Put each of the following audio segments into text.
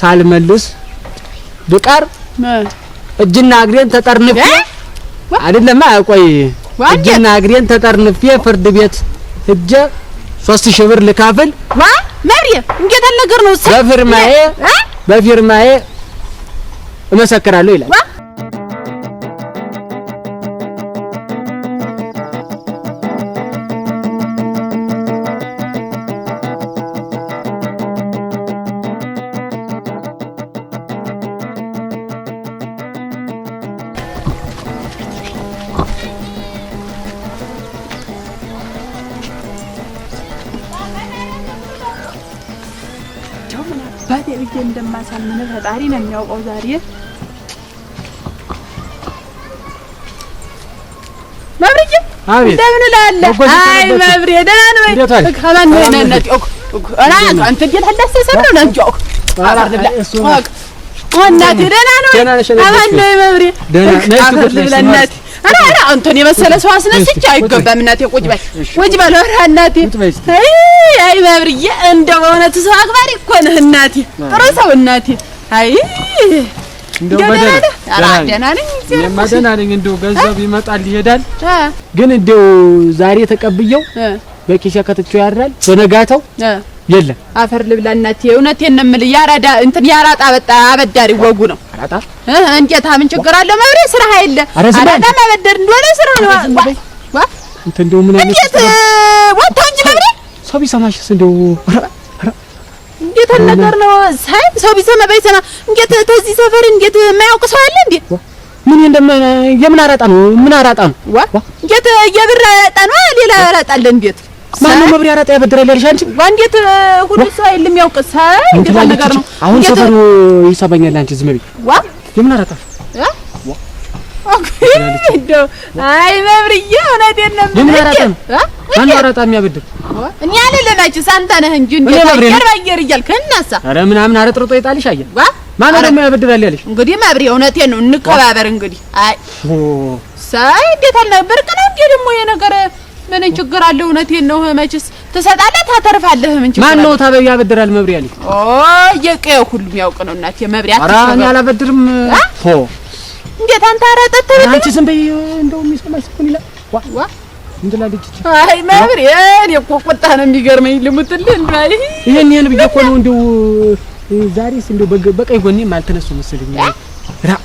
ሳልመልስ ብቀር እጅና እግሬን ተጠርንፌ አይደለም አቆይ እጅና እግሬን ተጠርንፌ ፍርድ ቤት እጀ ሶስት ሺህ ብር ልካፍል ዋ መሪ እንዴት ነገር ነው? በፊርማዬ በፊርማዬ እመሰክራለሁ ይላል። እንደማሳምን ፈጣሪ ነው የሚያውቀው። ዛሬ መብርዬ እንደምን እላለሁ። አይ መብሬ ደህና ነው ወይ? ከማን ነው የነነጥኩ? ኧረ አንተ እንዴት አላሰሰም ነው ነጆ አባር ልብላ ወናቴ ደህና ነው አባን ነው መብሬ አፈር ልብላ እናቴ ኧረ ኧረ አንተን የመሰለ ሰው አስነስቼ አይገባም እናቴ ቁጭ በል ቁጭ በል ኧረ እናቴ አይ አይ ባብርዬ፣ እንደው በእውነቱ ሰው አክባሪ እኮ ነህ እናቴ፣ ጥሩ ሰው እናቴ። አይ ደህና ነኝ፣ እንደው ገንዘብ ይመጣል ይሄዳል፣ ግን እንደው ዛሬ ተቀብየው በኪሻ ከተቸው ያድራል፣ በነጋታው የለም። አፈር ልብላ እናቴ፣ እውነቴን ነው የምልህ። ያራዳ እንትን ያራጣ በጣ አበዳሪ ወጉ ነው። አራጣ እንዴታ፣ ምን ችግር አለ? መብሬ ስራ አይደለ አራጣ ማበደር እንደሆነ ስራ ነው። እንትን እንደው ምን አይነት ወጣው እንጂ መብሬ ሰው ቢሰማሽስ እንደው እንዴት ነገር ነው? ሳይ ሰው ቢሰማ ባይሰማ እንዴት ተዚህ ሰፈር እንዴት የማያውቅ ሰው አለ እንዴ? ምን እንደማ የምን አራጣ ነው? ምን አራጣ ነው? ዋ እንዴት የብር አራጣ ነው? ሌላ አራጣ አለ እንዴት? ማነው መብሪ አራጣ ያበድራል ያልሽ አንቺ? ዋ እንዴት ሁሉ ሰው አይልም ያውቅ ሳይ እንዴት ነገር ነው? አሁን ሰፈሩ ይሰማኛል አንቺ ዝም በይ። ዋ የምን አራጣ እንደው አይ መብርዬ እውነቴን ነው የምልህ። ማነው አራጣ የሚያበድር? እኔ አልልላችሁ ሳንታ ነህ እንጂ አየር በአየር እያልክ እናሳ ኧረ ምናምን አረጥርጦ ይጣልሽ። አየር ማነው ደግሞ ያበድራል ያለሽ? እንግዲህ መብሬ እውነቴን ነው እንቀባበር። እንግዲህ አይ ሳይ እንዴት አለ ብርቅ ነው እንዴ ደግሞ የነገር ምን ችግር አለ? እውነቴን ነው። መችስ ትሰጣለህ፣ ታተርፋለህ። ምን ችግር ማን ነው ታበብ ያበድራል? መብሬ አለኝ። ኦ የቀየው ሁሉም ያውቅ ነው እናቴ። መብሬ አትሰራ። እኔ አላበድርም ሆ እንዴት አንተ አረጠተ አንቺ ዝም በይ። እንደው የሚሰማሽ እኮ ይላል ዋ ዋ እንድላለች እቺ አይ ማብሬ እኔ እኮ ቁጣ ነው የሚገርመኝ። ልሙትልን ባይ ይሄን ይሄን ብዬሽ እኮ ነው እንደው ዛሬስ እንደው በቀኝ ጎኔም አልተነሱ መሰለኝ። ራ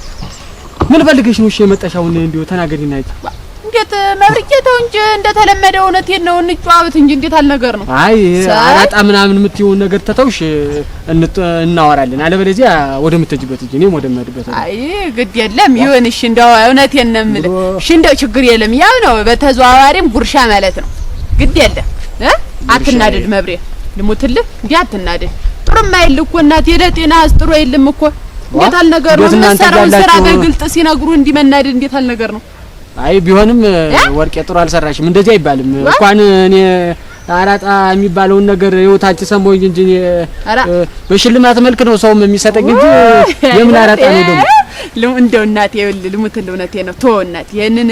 ምን ፈልገሽ ነው እሺ የመጣሽ አሁን? እንደው ተናገሪና አይት እንዴት መብርቄ፣ ተው እንጂ እንደተለመደ እውነቴን ነው እንጨዋወት እንጂ እንዴት ነገር ነው። አይ አራጣ ምናምን የምትይውን ነገር ተተውሽ እናወራለን። አለበለዚያ ወደ ምትጅበት እንጂ እኔም ወደ ምሄድበት። አይ ግድ የለም ይሁን። እሺ እንደው እውነቴን ነው የምልህ። እሺ እንደው ችግር የለም ያው ነው፣ በተዘዋዋሪም ጉርሻ ማለት ነው። ግድ የለም አትናደድ መብሬ፣ ልሙትልህ እንዲህ አትናደድ። ጥሩም አይል እኮ እናቴ ለጤና አስጥሮ የለም እኮ እንዴት አልነገር ነው። የምትሰራውን ስራ በግልጥ ሲነግሩ እንዲህ መናደድ እንዴት አልነገር ነው። አይ ቢሆንም ወርቄ ጥሩ አልሰራሽም። እንደዚህ አይባልም። እንኳን እኔ አራጣ የሚባለውን ነገር ይወታች ሰሞኝ እንጂ በሽልማት መልክ ነው ሰውም የሚሰጠኝ እንጂ የምን አራጣ ነው ደግሞ እንደው እናቴ ልሙት እውነቴ ነው። ቶ እናቴ ይህንን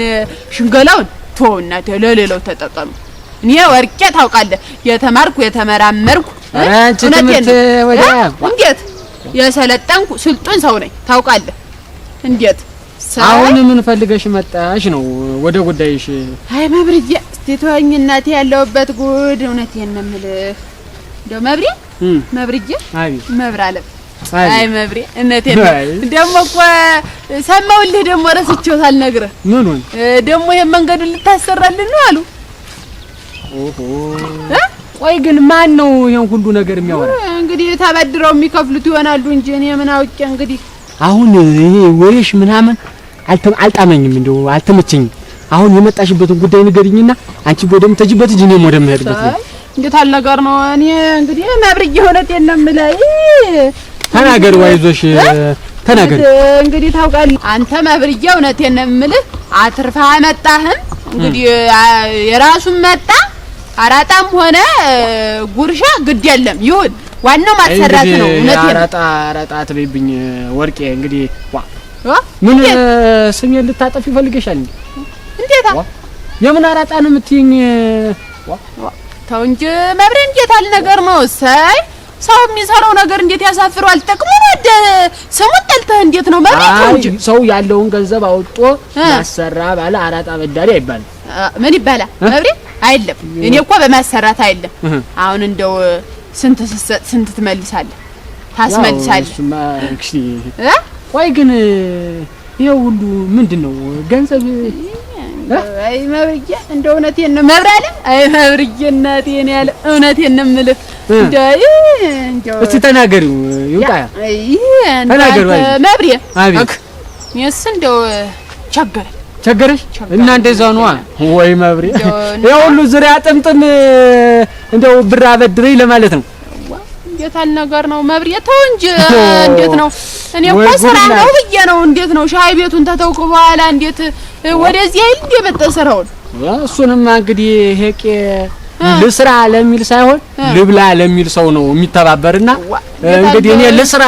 ሽንገላውን ቶ እናቴ ለሌለው ተጠቀሙ። እኔ ወርቄ ታውቃለህ፣ የተማርኩ የተመራመርኩ እውነቴን ነው። እንዴት የሰለጠንኩ ስልጡን ሰው ነኝ ታውቃለህ። እንዴት አሁን ምን ፈልገሽ መጣሽ ነው? ወደ ጉዳይሽ። አይ መብርዬ፣ እስቲ ተወኝ እናቴ፣ ያለሁበት ጉድ እውነቴን ነው የምልህ። እንደው መብሬ መብርዬ፣ አቤት መብራለም አይ መብሬ እነቴን ደግሞ እኮ ሰማሁልህ። ደግሞ ረስቼዎት አልነግርህ። ምን ሆነ ደግሞ ይሄን መንገዱን ልታሰራልን ነው አሉ። ኦሆ ቆይ ግን ማን ነው ይሄን ሁሉ ነገር የሚያወራ? እንግዲህ ተበድረው የሚከፍሉት ይሆናሉ እንጂ እኔ ምን አውቄ። እንግዲህ አሁን ይሄ ወሬሽ ምናምን አልጣመኝም፣ እንዲሁ አልተመቸኝም። አሁን የመጣሽበትን ጉዳይ ንገሪኝና አንቺ ወደምትሄጂበት እጅ እኔም ወደምሄድበት ነው። እንዴት አለ ነገር ነው። እኔ እንግዲህ መብርዬ እውነት የለም ላይ ተናገር፣ አይዞሽ ተናገር። እንግዲህ ታውቃለህ አንተ መብርዬ እውነት የለም የምልህ አትርፋ አመጣህም እንግዲህ የራሱን መጣ አራጣም ሆነ ጉርሻ ግድ የለም ይሁን፣ ዋናው ማሰራት ነው። እውነት አራጣ አራጣ ትበይብኝ ወርቄ እንግዲህ ዋ ምን ስሜን ልታጠፊ ይፈልገሻል እንዴታ የምን አራጣ ነው የምትይኝ? ተው እንጂ መብሬ፣ እንዴት አለ ነገር ነው። እሰይ ሰው የሚሰራው ነገር እንዴት ያሳፍረዋል? ጠቅሞ ወደ ስሙን ጠልተህ እንዴት ነው መብሬ? ተው እንጂ ሰው ያለውን ገንዘብ አውጦ ያሰራ ባለ አራጣ በዳሪ አይባልም። ምን ይባላል መብሬ? አይደለም እኔ እኮ በማሰራት አይደለም። አሁን እንደው ስንት ስንት ትመልሳለህ? ታስመልሳለህ ቆይ ግን ይኸው ሁሉ ምንድን ነው ገንዘብ? አይ መብርዬ፣ እንደ እውነቴን ነው መብራለም። አይ መብርዬ እናቴን ያለ እውነቴን ነው የምልህ። እንዳይ እንደው እስቲ ተናገሪው ይውጣ። አይ ተናገሩ መብሬ። አቤት። እኔስ እንደው ቸገረኝ ቸገረሽ እና እንደዛ ነዋ ወይ መብሬ? ይኸው ሁሉ ዙሪያ ጥምጥም እንደው ብር አበድረኝ ለማለት ነው። እንዴት አልነገር ነው መብሬ። ተው እንጂ እንዴት ነው እኔ እኮ ስራ ነው ብዬ ነው። እንዴት ነው ሻይ ቤቱን ተተውኩ በኋላ እንዴት ወደዚህ አይል እንደ በጠ ስራውን እሱንማ እንግዲህ ሄቄ ልስራ ለሚል ሳይሆን ልብላ ለሚል ሰው ነው የሚተባበርና እንግዲህ እኔ ልስራ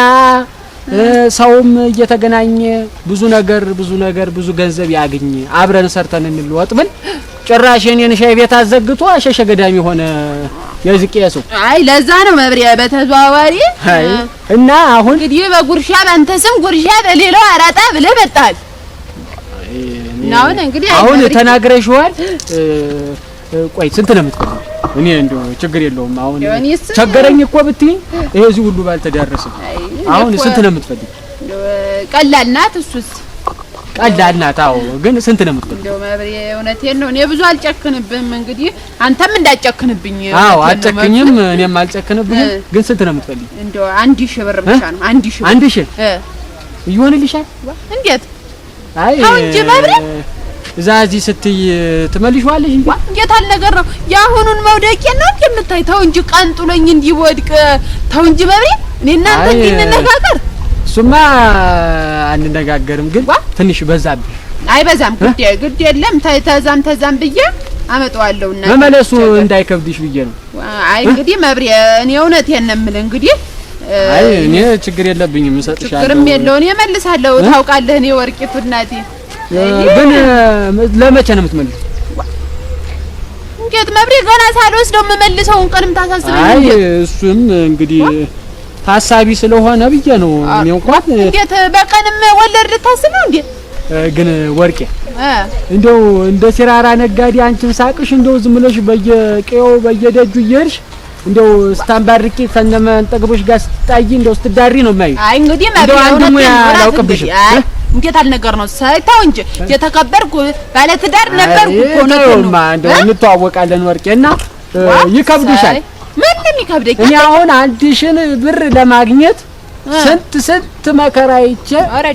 ሰውም እየተገናኘ ብዙ ነገር ብዙ ነገር ብዙ ገንዘብ ያገኝ አብረን ሰርተን እንልወጥ ብን። ጭራሽ የኔን ሻይ ቤት አዘግቶ አሸሸ ገዳሚ ሆነ የዝቅየሱ። አይ ለዛ ነው መብሪያ በተዘዋዋሪ እና አሁን እንግዲህ በጉርሻ በአንተ ስም ጉርሻ በሌላው አራጣ ብለህ መጣል። አሁን እንግዲህ አሁን ተናግረሽዋል። ቆይ ስንት ነው የምትከፍለው? እኔ እንደው ችግር የለውም አሁን ቸገረኝ እኮ ብትይ ይሄ እዚህ ሁሉ ባልተዳረሰ። አሁን ስንት ነው የምትፈልጊው? ቀላል ናት እሱስ ቀላል ናት። አዎ፣ ግን ስንት ነው የምትቆይ? እንደው መብሬ እውነቴን ነው። እኔ ብዙ አልጨክንብህም። እንግዲህ አንተም እንዳጨክንብኝ። አዎ፣ አልጨክኝም፣ እኔም አልጨክንብህም። ግን ስንት ነው የምትቆይ? እንደው አንድ ሺህ ብር ብቻ ነው። አንድ ሺህ አንድ ሺህ ይሆንልሻል? እንዴት? አይ አሁን እንጂ መብሬ እዛ እዚህ ስትይ ትመልሺዋለሽ እንዴ? እንዴት አለ አልነገር ነው የአሁኑን መውደቄን ነው የምታይ? ተው እንጂ ቀንጥሎኝ እንዲወድቅ ተው እንጂ መብሬ። እኔ እናንተ እንዲነጋገር እሱማ አንነጋገርም፣ ግን ትንሽ በዛብህ። አይበዛም፣ ግድ ግድ የለም ተዛም ተዛም ብዬ አመጣዋለሁ እና መመለሱ እንዳይከብድሽ ብዬ ነው። አይ እንግዲህ መብሬ፣ እኔ እውነቴን የነምል እንግዲህ አይ እኔ ችግር የለብኝም፣ እሰጥሻለሁ። ችግርም የለው እኔ እመልሳለሁ። ታውቃለህ፣ እኔ ወርቂቱ እናቴ። ግን ለመቼ ነው የምትመልስ? እንዴት መብሬ፣ ገና ሳልወስደው የምመልሰውን ቀንም ታሳስበኝ። አይ እሱም እንግዲህ ታሳቢ ስለሆነ ብዬ ነው። እኔ እንኳን እንዴት በቀንም ወለድ ልታስብ ነው እንዴ? ግን ወርቄ እንደው እንደ ሲራራ ነጋዴ አንቺም ሳቅሽ እንደው ዝም ብለሽ በየቀየው በየደጁ እየሄድሽ እንደው ስታንባርቂ ጠግቦሽ ጋር ስትጣይ እንደው ስትዳሪ ነው የማይው። አይ እንግዲህ እንደው አንድ ሙያ አላውቅብሽም። እንዴት አልነገር ነው ሳይታው እንጂ የተከበርኩ ባለ ትዳር ነበርኩ እኮ ነው። እንደው እንተዋወቃለን ወርቄ እና ይከብድሻል ምን የሚከብደኝ እኔ አሁን አንድ ሺህን ብር ለማግኘት ስንት ስንት መከራ አይቼ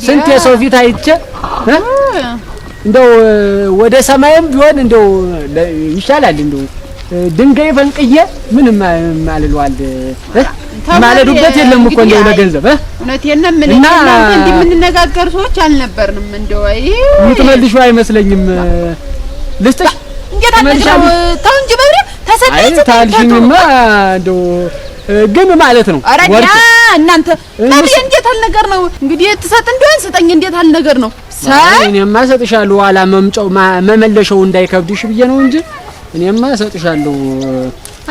ስንት የሰው ፊት አይቼ እንደው ወደ ሰማይም ቢሆን እንደው ይሻላል እንደው ድንጋይ ፈንቅዬ ምንም ማልሏል ማለዱበት የለም እኮ እንደው ለገንዘብ እውነቴን ነው። ምን እና እንዲህ የምንነጋገር ሰዎች አልነበርንም። እንደው ይሄ የምትመልሺው አይመስለኝም። ልስጥሽ? እንዴት አመጣው? ተው እንጂ በብሬ ታልሽኝማ ግን ማለት ነው አራዲያ እናንተ ታዲያ እንዴት አለ ነገር ነው እንግዲህ ትሰጥ እንደሆን ስጠኝ። እንዴት አለ ነገር ነው ሳይ እኔማ እሰጥሻለሁ። ኋላ መምጫው መመለሻው እንዳይከብድሽ ብዬ ነው እንጂ እኔማ እሰጥሻለሁ።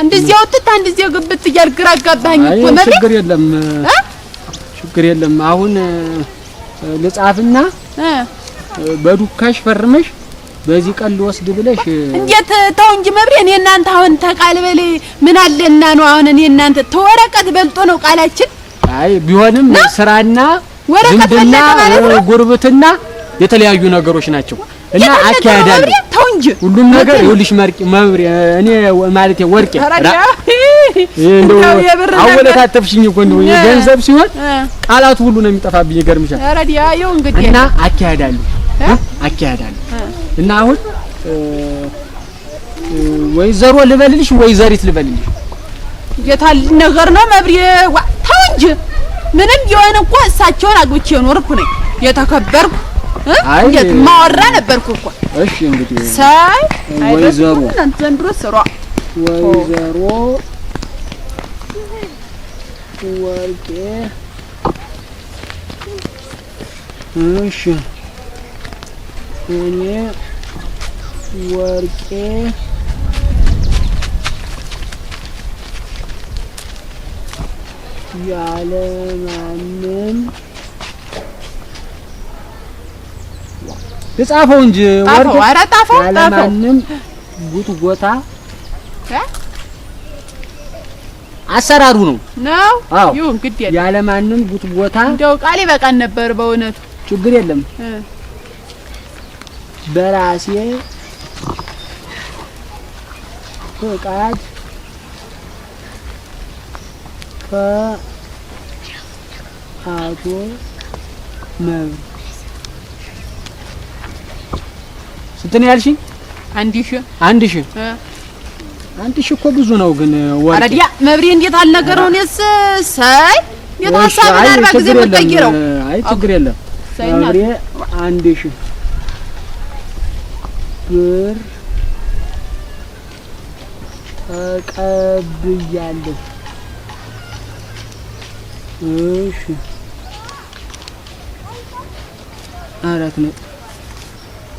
አንደዚህ አውጥታ አንደዚህ ግብት እያልግራ አጋባኝ እኮ ነው። ችግር የለም ችግር የለም። አሁን ልጻፍና በዱካሽ ፈርመሽ በዚህ ቀን ልወስድ ብለሽ እንዴት ተው እንጂ መብሬ። እኔ እናንተ አሁን ተቃልበል ምን አለና ነው አሁን እኔ እናንተ ተወረቀት በልጦ ነው ቃላችን። አይ ቢሆንም ስራና ወረቀትና ጉርብትና የተለያዩ ነገሮች ናቸው እና አካሄዳለሁ። ተው እንጂ ሁሉም ነገር ይኸውልሽ፣ መርቂ መብሬ፣ እኔ ማለቴ ወርቄ አወለታተፍሽኝ እኮ እንደው ገንዘብ ሲሆን ቃላቱ ሁሉ ነው የሚጠፋብኝ። ይገርምሻል። እና አካሄዳለሁ አካሄዳለሁ እና አሁን ወይዘሮ ልበልልሽ ወይዘሪት ልበልልሽ? ጌታ ነገር ነው መብሬ ተው እንጂ ምንም ቢሆን እኮ እሳቸውን አግብቼ የኖርኩ ነኝ የተከበርኩ እንዴት ማወራ ነበርኩ እኮ። እሺ እንግዲህ ሳይ ወይዘሮ ዘንድሮ ስሯ ወይዘሮ ወርቄ እሺ እኔ ወርቄ ያለማንም የጻፈው እንጂ ወርቄ ኧረ ጻፈው ያለማንም ጉትጎታ አሰራሩ ነው ነው። ይሁን ግድ የለም። ያለማንም ጉትጎታ እንደው ቃል ይበቃን ነበር በእውነቱ። ችግር የለም በራሴ ፍቃድ ከአቶ መብ ስንት ነው ያልሽኝ? አንድ ሺህ አንድ ሺህ አንድ ሺህ እኮ ብዙ ነው ግን ወርቅ አረዲያ መብሬ እንዴት አልነገረው እኔስ ሳይ እንዴት ሀሳብን አርባ አይ ችግር የለም መብሬ አንድ ብር ተቀብያለሁ። እሺ አራት ነጥብ።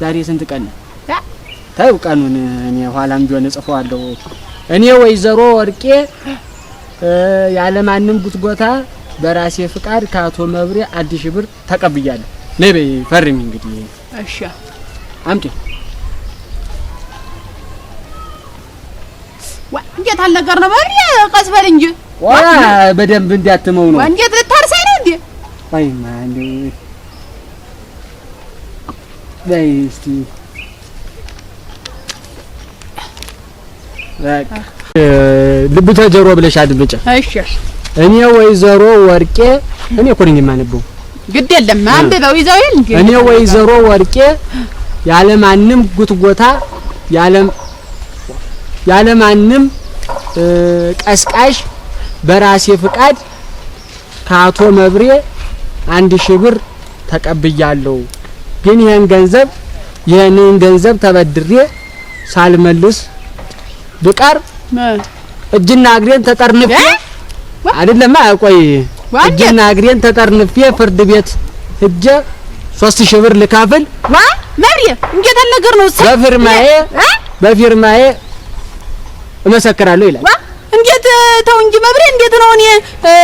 ዛሬ ስንት ቀን ነው? ተይው ቀኑን እኔ ኋላም ቢሆን እጽፈዋለሁ። እኔ ወይዘሮ ወርቄ ያለማንም ጉትጎታ በራሴ ፍቃድ ከአቶ መብሬ አዲስ ብር ተቀብያለሁ። ነይ በይ ፈርሚ እንግዲህ። እሺ አምጤ የሚያቃታል ነገር ነው። በል ቀስ በል እንጂ ዋ በደንብ እንዲያትመው ነው። እንዴት ልታርሳይ ነው እንዴ? አይ ማን ነው እስቲ ልብ ተጀሮ ብለሽ አድምጪ እሺ። እኔ ወይዘሮ ወርቄ እኔ እኮ ነኝ የማነበው። ግድ የለም አንብበው ይዘው ይል እንጂ እኔ ወይዘሮ ወርቄ ያለ ማንም ጉትጎታ ያለ ያለ ማንም ቀስቃሽ በራሴ ፍቃድ ከአቶ መብሬ አንድ ሺህ ብር ተቀብያለሁ። ግን ይህን ገንዘብ ይህንን ገንዘብ ተበድሬ ሳልመልስ ብቀር እጅና እግሬን ተጠርንፌ አይደለማ ቆይ እጅና እግሬን ተጠርንፌ ፍርድ ቤት ሂጄ ሶስት ሺህ ብር ልካፍል ዋ መብሬ እንዴት አለ ነገር ነው በፊርማዬ በፊርማዬ እመሰክራለሁ ይላል። እንዴት ተው እንጂ መብሬ፣ እንዴት ነው እኔ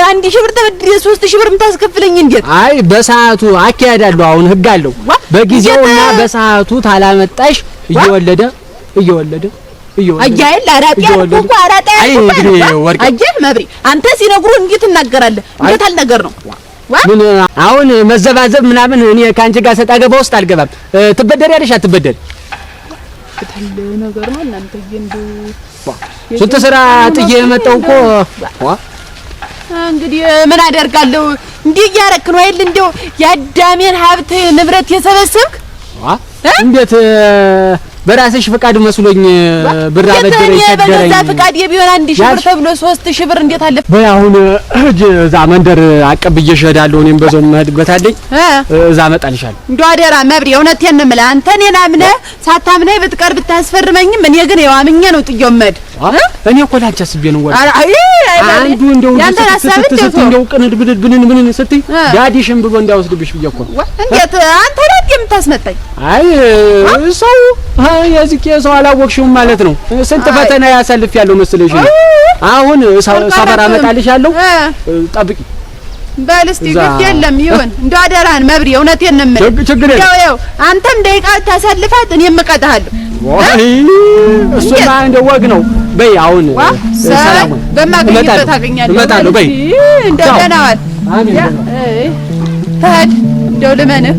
አንድ ሺህ ብር ተበድሬ ሶስት ሺህ ብር የምታስከፍለኝ? እንዴት አይ፣ በሰዓቱ አካሄዳለሁ። አሁን ህግ አለው። በጊዜውና በሰዓቱ ታላመጣሽ እየወለደ እየወለደ አያይል አራጤ አልኩህ፣ አራጤ አልኩህ። አየህ መብሬ፣ አንተ ሲነግሩ እንዴት እናገራለህ? እንዴት አልነገር ነው ምን አሁን መዘባዘብ ምናምን። እኔ ከአንቺ ጋር ሰጣ ገባ ውስጥ አልገባም። ትበደሪ ያለሽ አትበደሪ ያስለቅታል ነገሩ። እናንተዬ እንደው ስንት ስራ ጥዬ የመጣው እኮ እንግዲህ ምን አደርጋለሁ። እንዲህ እያረክ ነው አይደል? እንደው የአዳሜን ሀብት ንብረት የሰበሰብክ እንዴት በራስሽ ፍቃድ መስሎኝ ብር አበደረኝ ሰደረኝ። በዛ ፍቃድ የቢሆን አንድ ሺህ ብር ተብሎ ሶስት ሺህ ብር እንዴት አለፍ። በይ አሁን እዛ መንደር አቀብዬ እሸዳለሁ። እኔም በዛው መሄድበት አለኝ። እዛ እመጣልሻለሁ። እንደው አደራ መብሬ፣ እውነቴን ነው የምልህ አንተ እኔን አምነህ ሳታምነኝ ብትቀር ብታስፈርመኝም እኔ ግን ያው አምኜ ነው ጥዬው የምሄድ እኔ እኮ ላንቺ አስቤ ነው። አንዱ እንደው እንደው ቅንድ ብንን ብንን ብንን ስትይ ዳዲሽን ብሎ እንዳይወስድብሽ ብዬሽ እኮ ነው። እንዴት አንተ ዳዲ የምታስመጣኝ? አይ ሰው የዚህ ሰው አላወቅሽውም ማለት ነው። ስንት ፈተና ያሳልፍ ያለው መስለሽ ነው። አሁን ሰፈር አመጣልሻለሁ፣ ጠብቂ በል እስቲ ግድ የለም ይሁን። እንደው አደራህን መብሪ፣ እውነቴን ነው የምልህ። ችግር የለም አንተም ደቂቃ ታሳልፋት፣ እኔም እቀጣሃለሁ። እሱማ እንደው ወግ ነው። በይ አሁን ሰላም በይ እንደው ደህና ዋል። አሜን። እንደው ልመንህ